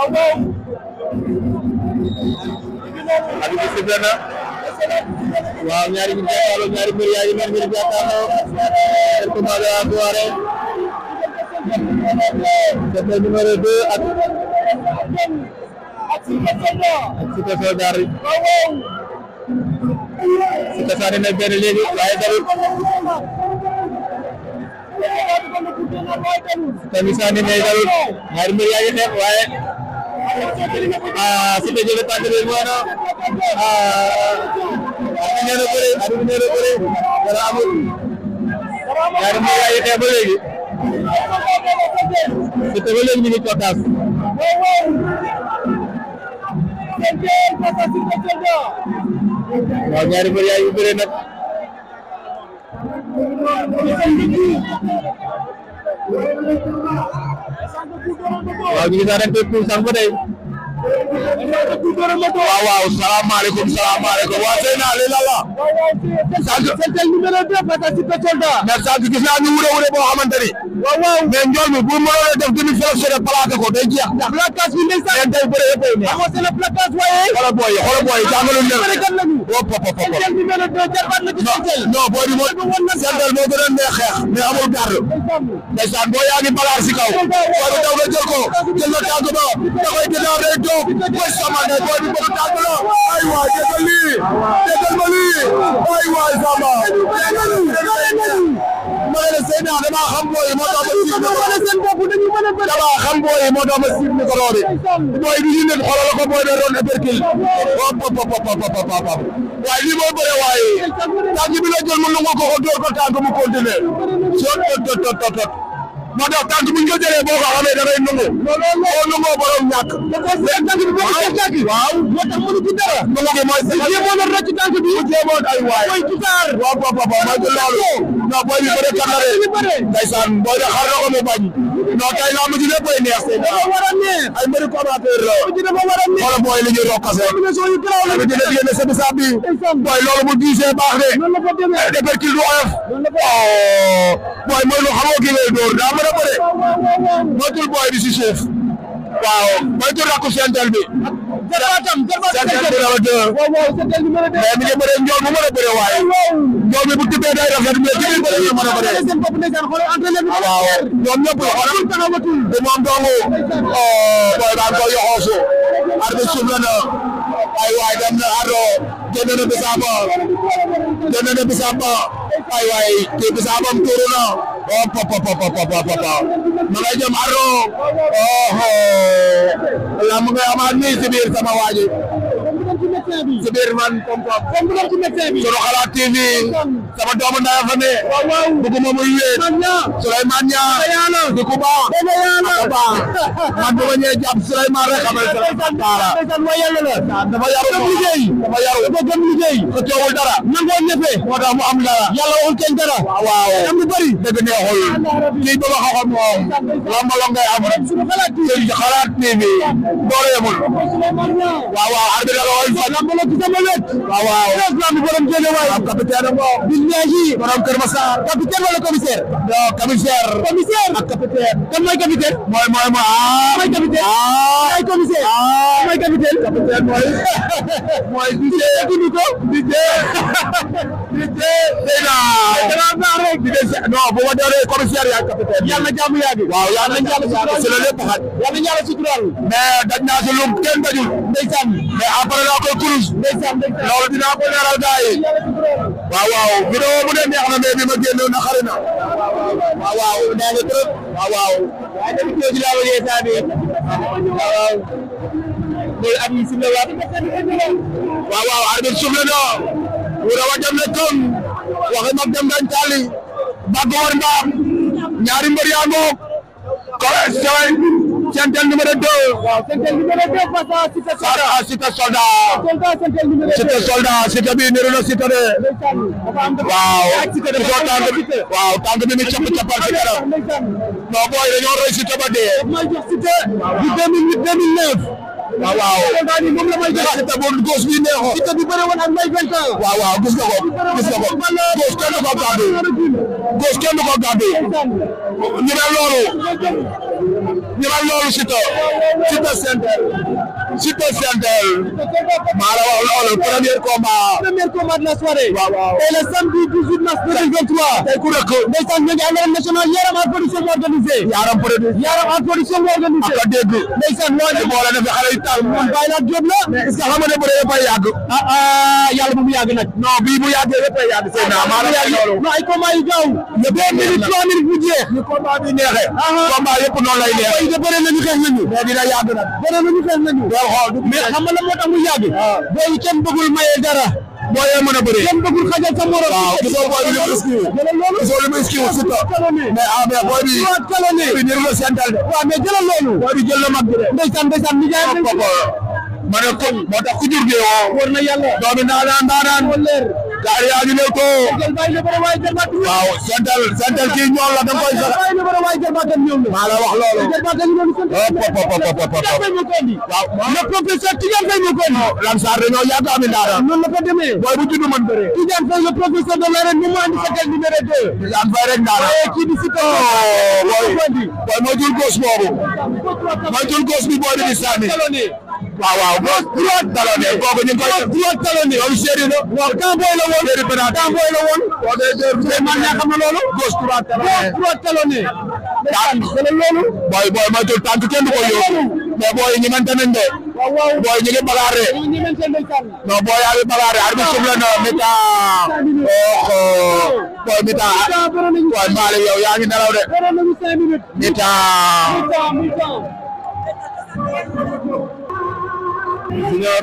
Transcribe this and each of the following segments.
abi bi sifflé na waaw ñaari ñu jàkkaarloo ñaari mbir yaa ngi mel ngir jàkkaarloo seen combat bi à Douaré Siteu numéro 2 ak ak Siteu Soldar Siteu sànni na benn léegi waaye darul Siteu mi sànni na darul ñaari mbir yaa ngi xeex waaye ah si dëgg la tànn bi mu wane ah am na ñoo bëri am na yaa ngi xeex ba léegi te te ba léegi ñu ngi cokaas. waaw ñaari waaw ñu ngi saa rek pour sànq ba tey waaw waaw salaamaaleykum salaamaaleykum waa sey naa lii lan la. sànq numéro deux participe soldat. mais sànq gis naa ñu wure wure boo xamante ni. waaw waaw mais njool mi bu mënoon a def demi sélection plaqué ko day jeex. ndax placage bi ndeysaan. mais tey bëre yëpp ay neex. amoo seen placage waaye. xoolal booy yi xoolal booy yi jàngaluñ leen. waaw oh, pop pop pop. numéro deux a boo yaa ngi balaar si daw na jël ko jël na tànk toog mooy Samba Ndeye booy bi bëgg tàgg la ay waay déggal lii déggal ma lii ay waay Samba ma ne Seydina damaa xam booy moo tax booy moo tax ma siif micro bi booy bi ñu booy bee doon épercule hop hop hop hop waaye lii moo bëre waaye tànk bi la jël mu nangu ko ko door ko tànk mu continuer tot tot moo tax tànk bu ñu ko jëlee boo ko xamee da ngay nangoo. boo nangoo borom ñàkk. waaw moo tax mënu ci dara. mu ngi mooy si jéemoon na rëcc tànk bi. mu jéemoon ay waay. mooy tukaar. waaw papa mooy loolu. non booy bi bëre kan la de. ndeysaan booy de xar na ko mu bañ. non tey laa mujj lépp ay neex. dafa war a neex ay mbëri commentateur la. dafa war a neex xoolal booy li ñuy doog kase. booy loolu bu diisee baax de. Eh, dépercule du oyof. Oh. booy mooy lu xamoo kii lay dóor daa mën a bëre. moytul booy bi si suuf. waaw moytul rakku sentel bi. jarbaatam jarbaatam waaw waaw c'était numéro 2 mais mi ngi bëre njool mu mën a bëre waaye njool mi bu tibbee day rafet mais ci biir bëre mën a bëre seen bopp ndeysaan xoolal entraîneur bi waaw ñoom ñëpp xoolal taxawatul du moom dong euh boy daan ko yoxoosu arbitre souffle na ay waay dem na ardo génn na bisaaba génn na bisaaba ay waay te bisaabam tuuru na Op, op, op, op, op, op, op. Ma ngay jëm arro. Oh, oh. La mu ngay amaat nii si biir sama waaji. su biir man Soroxala TV sama doomu ndaya fa ne bëgguma muy wéet Souleymane Niang di ku baax ko baax man bu ma ñëwee jàpp Souleymane rek a Souleymane dara dafa yaru dafa yaru dafa gëm liggéey xëccoowul dara nangoo ñëfe moo tax mu am dara yàlla wul kenn dara waaw am lu bari dëgg neexul kii ba wax xam moom lamba la ngay am rek Soroxala TV doole yemul waaw waaw arbitre la lamb la ci sama wet waaw waaw Prince Lamb borom jëlee waay am capitaine am waaw Billahi borom Kër Massar capitaine wala commissaire non commissaire capitaine kan mooy capitaine mooy mooy mooy ah mooy capitaine mooy ah. commissaire ah mooy capitaine capitaine mooy mooy di naa rek di des non bu ma dooree commissaire yaa capitaine yàlla na jàmm yàgg waaw yàlla na jàmm si la lépp xat yàlla na jàmm si tural mais daj naa si lum kenn dajul ndeysaan mais après naa koy kurus ndeysaan loolu dinaa ko leeral gars yi waaw waaw vidéo mu ne neex na mais bi ma génn na xari na waaw waaw neex na trop waaw waaw waaye tamit ñoo ci laawa yee saa bi waaw waaw loolu am yi sifle waat waaw waaw arbitre sifle na wura wajam na kon waxi mag dem dañ taali bàgg war mbaam ñaari mbër yaa ngoog kowe sowe sentel numéro deux sentel numéro deux face à Cité Soldat à Cité waaw waaw tànk bi mi capp cappal ci kanam non booy dañoo roy Cité ba dee waaw waaw moom la may joxe te boobu gauche bi neexoo Siteu a bëre woon ak may vingt ans waaw waaw gis nga ko gis nga ko gauche ñu a loolu Siteu Siteu Sentel Siteu Sentel maa la wax loolu premier combat. premier combat de la soirée. waaw waaw tey le samedi 18 mars 2023. tey ku rëkk. ndeysaan ñu ngi arène nationale Yaram Art Production moo organisé. Yaram production Yaram Art Production moo organisé. ak a la defee la. est-ce que xam ah ah yàlla bu mu yàgg nag. non bii bu yàggee dafay yàgg. seen naa ah, maa la wax loolu. non ay combat yu gaaw. deux minutes lay ah, ah. neexee. que bëre nañu xeex nañu mais dina yàgg nag bëre nañu xeex nañu doo xool mais xam nga la moo tax mu yàgg ah. boobu kenn bëggul maye dara boo yee mën a bëree kenn bëggul xajal sa morom waaw gisoo booy bi lim iskiw gisoo lim iskiw surtout mais ah mais booy bi kalone bi ñu la sental de waaw mais jëlal loolu booy bi jël na mag bi de ndeysaan ndeysaan ni jaay ah, ma ne ko moo tax ku jur gi woo war na yàlla doomi naanaan naanaan gaar yaa ngi léegi koo waaw santal santal kii ñool la da nga koy sax maa la wax loolu waaw le professeur Tidiane Faye moo ko indi Lansar dañoo yàgg am ndaara noonu la ko demee booy bu judd mën bëre Tidiane Faye le professeur de l'arène ni mu andi santal numéro deux Tidiane Faye rek ndaara waaye eh, kii di Siteu oh, booy mooy jul gos boobu mooy jul gos bi booy di sànni waaw waaw gauche droite talonné kooku ñu ngi koy droite talonné loolu booy booy la woon boo dee jël mais ma booy ñi de booy ñu ngi balaare non booy yaa ngi balaare arbitre souffle na mi-temps booy mi-temps waaw Malick yow yaa ngi nelaw de mi-temps Junior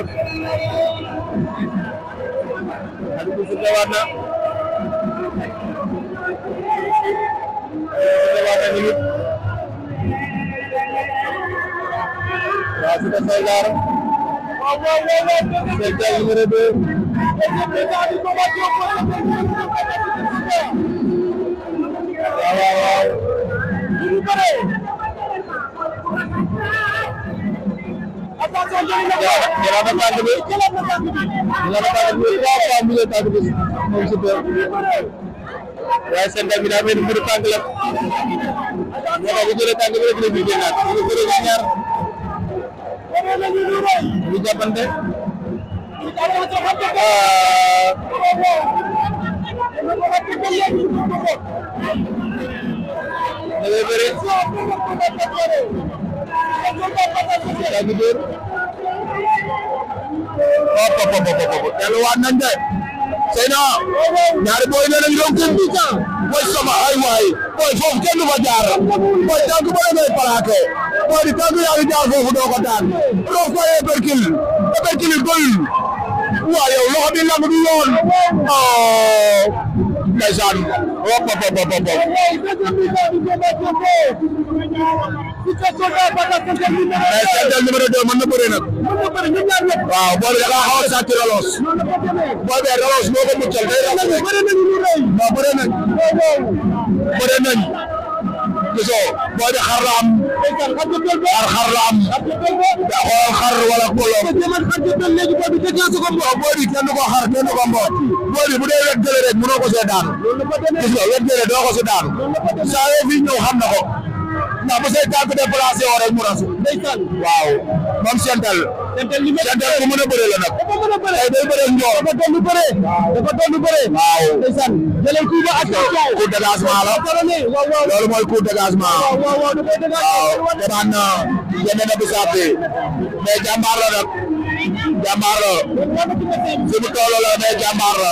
Aliou Boussou dawaat na dawaat na minute waaw Super Soldat Soldat numéro 2 waaw waaw waaw jëlaat na tànk bi jëlaat na tànk bi trois fois mu jël tànk bi moom Siteu waaye seen tànk bi daa mel ni mbiru tànk la moo tax bu jëlee tànk bi rek la ñuy génnaat bu bëri nga ñaar ñu jàppante da ngay bëri yaa ngi dóor hop oh, hop hop hop delluwaat nañ de Seyna ñaari booy ay waay booy foofu kenn du fa jaar booy tànk ba ngay plaqué booy di tànk yaa ngi jaar foofu doo daan doo ko épercule épercule doyul waaw yow loxo bi lamb yoon oh ndeysaan hop oh, hop hop hop mais Sentel numéro 2 mën na bëree nag. waaw booy bi da ngaa xaw a sàcc relos. booy bi relos moo ko muccal day rafet rek. waaw bëree nañ. bëree nañ. gisoo booy bi xar la am. xar xar la am. da xool xar wala mbooloo. xar kenn du ko mboot. wet gële rek mënoo ko daan. gis wet gële doo ko daan. saa yoo fi xam na ko. ndax bu say tànk déplacé woo rek mu rasu. ndeysaan waaw moom sental. sental li ku mën a bëre la nag. dafa mën a bëre tey day bëre njoor. dafa doon lu bëre. dafa doon lu bëre. waaw ndeysaan jëlal coup ba ak coow. coup de dégagement la. loolu mooy coup de dégagement. waaw waaw waaw dafay dégagé. waaw demaan na yéen a nekk bisaab bi mais jàmbaar la nag jàmbaar la. fi mu toll la mais jàmbaar la.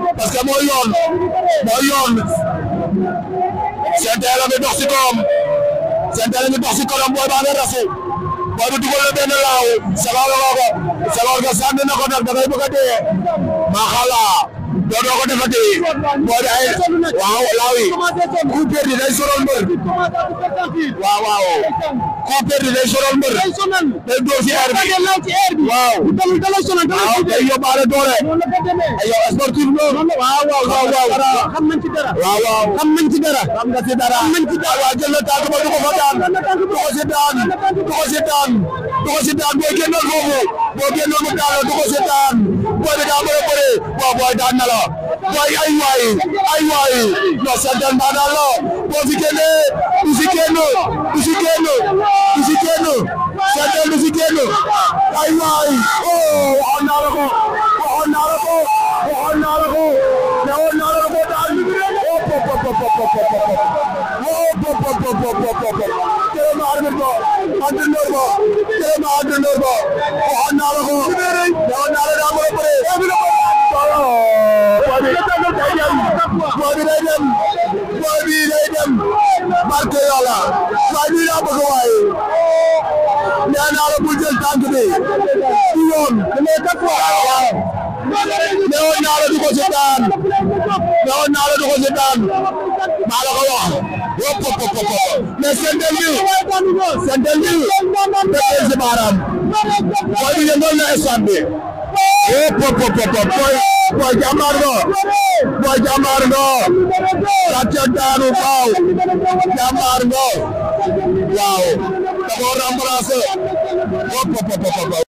parce que mooy seen teel a ngi dox ci kawam seen teel a dox ci kawam booy baa nga rasu booy bu dugal la benn laaw sagoor nga ko sagoor nga sànni na ko nag da ngay bëgg a doo doo ko defati booy ay waaw laaw yi perdi day soral mbër waaw waaw coup perdu day sonal mbër. day sonal day door si air bi waaw. dalul dalul sonal dalul waaw day yóbbaale doole. ay yow sportif noonu. na tànk ba du ko fa daan. du ko si daan du ko si daan du ko si daan daa la booy ay waay ay waay non santal maa daan la boo fi génnee du du si génn Sendé du si génn ay waay oh waxoon naa la ko waxoon naa la ko waxoon naa la ko waxoon naa la ko daal oh pop pop pop pop pop oh pop pop pop pop pop tellement arbitre ba entraîneur ba tellement entraîneur ba waxoon naa la ko waxoon naa la daa mooy pare boobi day dem boobi day dem boobi day dem barke yàlla waaye lii laa bëgg waaye nee naa la bul jël tànk bi du yoon mais quatre fois waaw newoon naa la du ko seetaan newoon naa la du ko seetaan maa la ko wax wop pop pop pop mais sentel bi sentel bi da ngay si baaraam waaye bi yëngal na stade bi ee pop pop pop boy boy jàmbaar nga boy jàmbaar nga sàcce daanu faaw jàmbaar nga waaw da koo remplacé pop pop pop